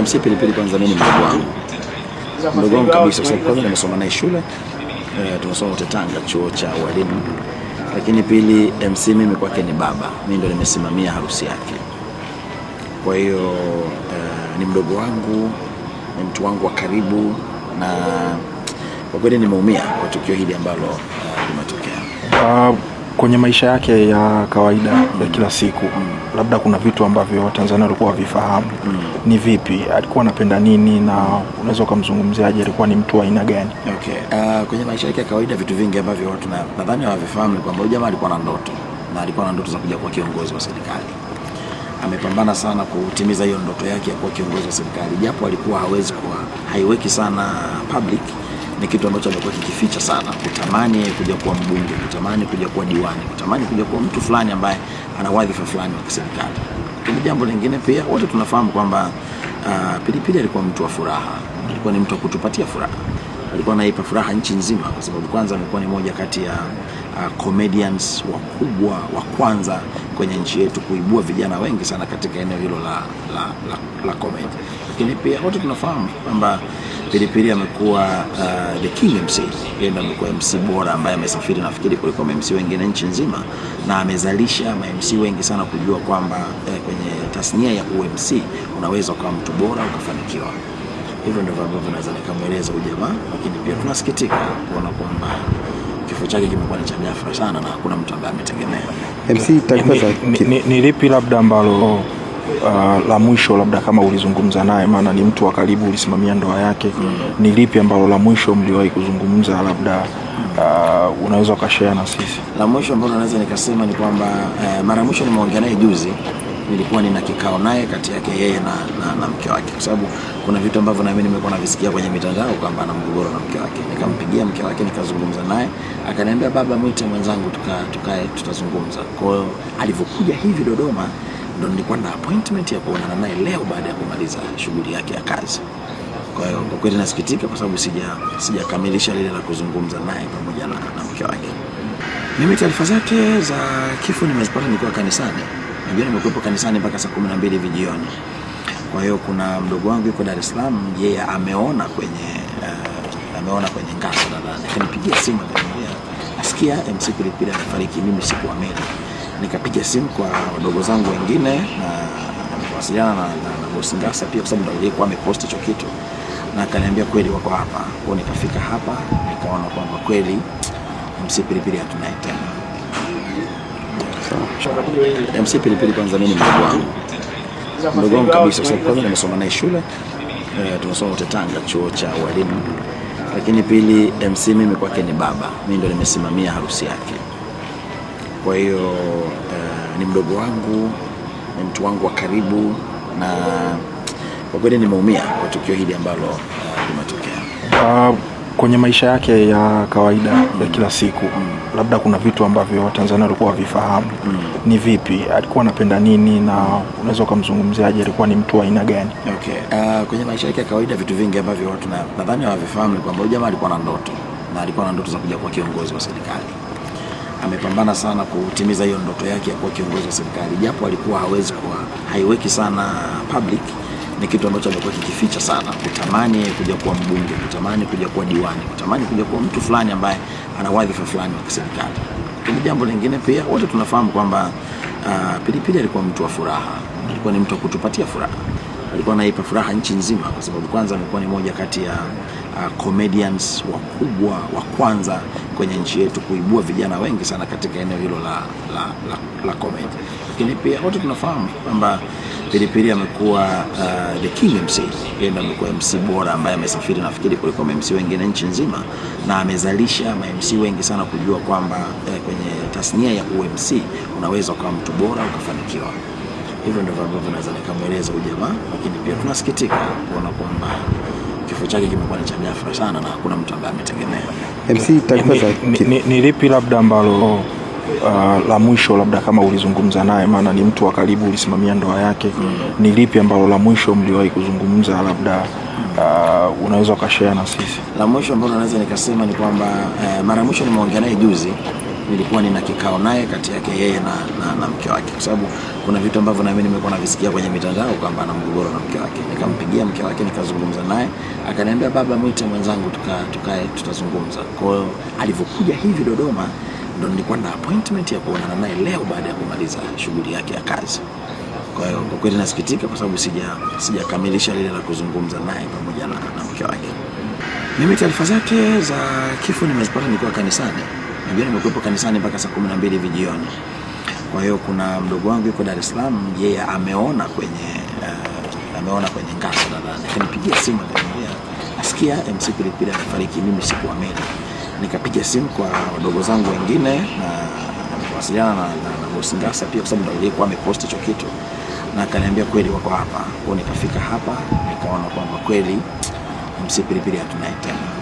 MC Pilipili kwanza, mimi ni mdogo wangu, mdogo wangu kabisa, kwa sababu kwanza nimesoma naye shule e, tunasoma wote Tanga chuo cha walimu, lakini pili MC mimi kwake ni baba, mimi ndo nimesimamia harusi yake. Kwa hiyo e, ni mdogo wangu, ni mtu wangu wa karibu, na kwa kweli nimeumia kwa tukio hili ambalo eh, limetokea. Uh, kwenye maisha yake ya kawaida ya kila siku mm. labda kuna vitu ambavyo Watanzania walikuwa wavifahamu mm. ni vipi, alikuwa anapenda nini, na unaweza ukamzungumziaje, alikuwa ni mtu wa aina gani? Okay. Uh, kwenye maisha yake ya kawaida vitu vingi ambavyo watu nadhani hawavifahamu ni kwamba jamaa alikuwa na ndoto na alikuwa na ndoto za kuja kuwa kiongozi wa serikali. Amepambana sana kutimiza hiyo ndoto yake ya kuwa kiongozi wa serikali, japo alikuwa hawezi kuwa haiweki sana public ni kitu ambacho amekuwa kikificha sana, kutamani kuja kuwa mbunge, kutamani kuja kuwa diwani, kutamani kuja kuwa mtu fulani ambaye ana wadhifa fulani wa kiserikali. Lakini jambo lingine pia, wote tunafahamu kwamba uh, Pilipili alikuwa mtu wa furaha, alikuwa ni mtu wa kutupatia furaha, alikuwa anaipa furaha nchi nzima, kwa sababu kwanza amekuwa ni moja kati ya uh, comedians wakubwa wa kwanza kwenye nchi yetu kuibua vijana wengi sana katika eneo hilo la, la, la, la comedy. Lakini pia wote tunafahamu kwamba Pilipili amekuwa uh, the king MC. Yeye ndiye amekuwa MC bora ambaye amesafiri nafikiri kuliko MC wengine nchi nzima, na amezalisha ma MC wengi sana kujua kwamba eh, kwenye tasnia ya UMC unaweza kuwa mtu bora ukafanikiwa. Hivyo ndivyo ambavyo naweza nikamweleza huyu jamaa, lakini pia tunasikitika kuona kwamba kifo chake kimekuwa ni cha ghafla sana na hakuna mtu ambaye ametegemea. MC, eh, ni lipi labda ambalo uh, la mwisho labda kama ulizungumza naye, maana ni mtu wa karibu, ulisimamia ndoa yake, mm. ni lipi ambalo la mwisho mliwahi kuzungumza labda Uh, unaweza ukashare na sisi. La mwisho ambalo naweza nikasema ni kwamba eh, mara mwisho nimeongea naye juzi, nilikuwa nina kikao naye kati yake yeye na, na, na mke wake, kwa sababu kuna vitu ambavyo na mimi nimekuwa navisikia kwenye mitandao kwamba ana mgogoro na mke wake. Nikampigia mke wake nikazungumza naye, akaniambia baba, mwite mwenzangu tukae tutazungumza. Kwa hiyo alivyokuja hivi Dodoma ndo nilikuwa na appointment ya kuonana naye leo baada ya kumaliza shughuli yake ya kazi. Kwa hiyo kwa kweli nasikitika kwa sababu sija sijakamilisha lile la kuzungumza naye pamoja na, na mke wake. Mimi taarifa zake za kifo nimezipata nikiwa kanisani. Najua nimekuwepo kanisani mpaka saa kumi na mbili vijioni. Kwa hiyo kuna mdogo wangu yuko Dar es Salaam, yeye ameona kwenye uh, ameona kwenye ngazi nadhani. Kanipigia simu akaniambia, nasikia MC Pilipili amefariki, mimi sikuamini nikapiga simu kwa wadogo zangu wengine na nikawasiliana na, na, na bosi Ngasa pia kwa sababu ndio aliyekuwa amepost hicho kitu na akaniambia kweli wako hapa. Kwa nikafika hapa nikaona kwamba kweli MC Pilipili hatunaye tena. So, MC Pilipili kwanza mimi ni mdogo wangu. Mdogo wangu kabisa kwa sababu nimesoma naye shule. eh, tunasoma wote Tanga chuo cha walimu. Lakini pili MC mimi kwake ni baba. Mimi ndo nimesimamia harusi yake. Kwa hiyo uh, ni mdogo wangu, ni mtu wangu wa karibu, na kwa kweli nimeumia kwa tukio hili ambalo eh, limetokea. Uh, kwenye maisha yake ya kawaida mm -hmm. ya kila siku mm -hmm. labda kuna vitu ambavyo Watanzania walikuwa wavifahamu mm -hmm. ni vipi, alikuwa anapenda nini na unaweza ukamzungumziaje, alikuwa ni mtu wa aina gani? Okay. Uh, kwenye maisha yake ya kawaida vitu vingi ambavyo watu nadhani hawavifahamu ni kwamba jamaa alikuwa na ndoto na alikuwa na ndoto za kuja kuwa kiongozi wa serikali amepambana sana kutimiza hiyo ndoto yake ya kuwa kiongozi wa serikali, japo alikuwa hawezi kuwa haiweki sana public. Ni kitu ambacho amekuwa kikificha sana, kutamani kuja kuwa mbunge, kutamani kuja kuwa diwani, kutamani kuja kuwa mtu fulani ambaye ana wadhifa fulani wa kiserikali. Lakini jambo lingine pia, wote tunafahamu kwamba uh, Pilipili alikuwa mtu wa furaha, alikuwa ni mtu wa kutupatia furaha alikuwa naipa furaha nchi nzima, kwa sababu kwanza amekuwa ni moja kati ya uh, comedians wakubwa wa kwanza kwenye nchi yetu kuibua vijana wengi sana katika eneo hilo la, la, la, la comedy. Lakini pia wote tunafahamu kwamba Pilipili amekuwa uh, the king MC, yeye ndiye amekuwa MC bora ambaye amesafiri nafikiri kuliko MC wengine nchi nzima, na amezalisha ma MC wengi sana kujua kwamba eh, kwenye tasnia ya UMC unaweza ukawa mtu bora ukafanikiwa. Hivyo ndivyo ambavyo naweza nikamweleza huyu jamaa, lakini pia tunasikitika kuona kwamba kifo chake kimekuwa ni cha ghafla sana na hakuna mtu ambaye ametegemea. MC, taarifa za ni lipi labda ambalo Uh, la mwisho labda kama ulizungumza naye, maana ni mtu wa karibu, ulisimamia ndoa yake mm. Ni lipi ambalo la mwisho mliwahi kuzungumza labda, uh, unaweza ukashare na sisi? La mwisho ambalo naweza nikasema ni kwamba uh, mara ya mwisho nimeongea naye juzi nilikuwa nina kikao naye kati yake yeye na, na, na mke wake, kwa sababu kuna vitu ambavyo na mimi nimekuwa navisikia kwenye mitandao kwamba ana mgogoro na mke wake. Nikampigia mke wake nikazungumza naye, akaniambia baba, mwite mwenzangu tukae tuka, tutazungumza. Kwa hiyo alivyokuja hivi Dodoma ndo nilikuwa na appointment ya kuonana naye leo baada ya kumaliza shughuli yake ya kazi. Kwa hiyo kwa kweli nasikitika kwa sababu sija sijakamilisha lile la kuzungumza naye pamoja na, na mke wake. Mimi taarifa zake za kifo nimezipata nikiwa kanisani jioni, nimekuwepo kanisani mpaka saa kumi na mbili hivi jioni. Kwa hiyo kuna mdogo wangu yuko Dar es Salaam, yeye ameona kwenye uh, ameona kwenye ngazi nadhani, akanipigia simu akaniambia asikia MC Pilipili amefariki, mimi sikuamini. Nikapiga simu kwa wadogo zangu wengine na kuwasiliana na, na, na bosi Ngasa pia kwa sababu ndio alikuwa amepost hicho kitu, na akaniambia kweli wako hapa. Kwa nikafika hapa nikaona kwamba kweli MC Pilipili hatunaye tena.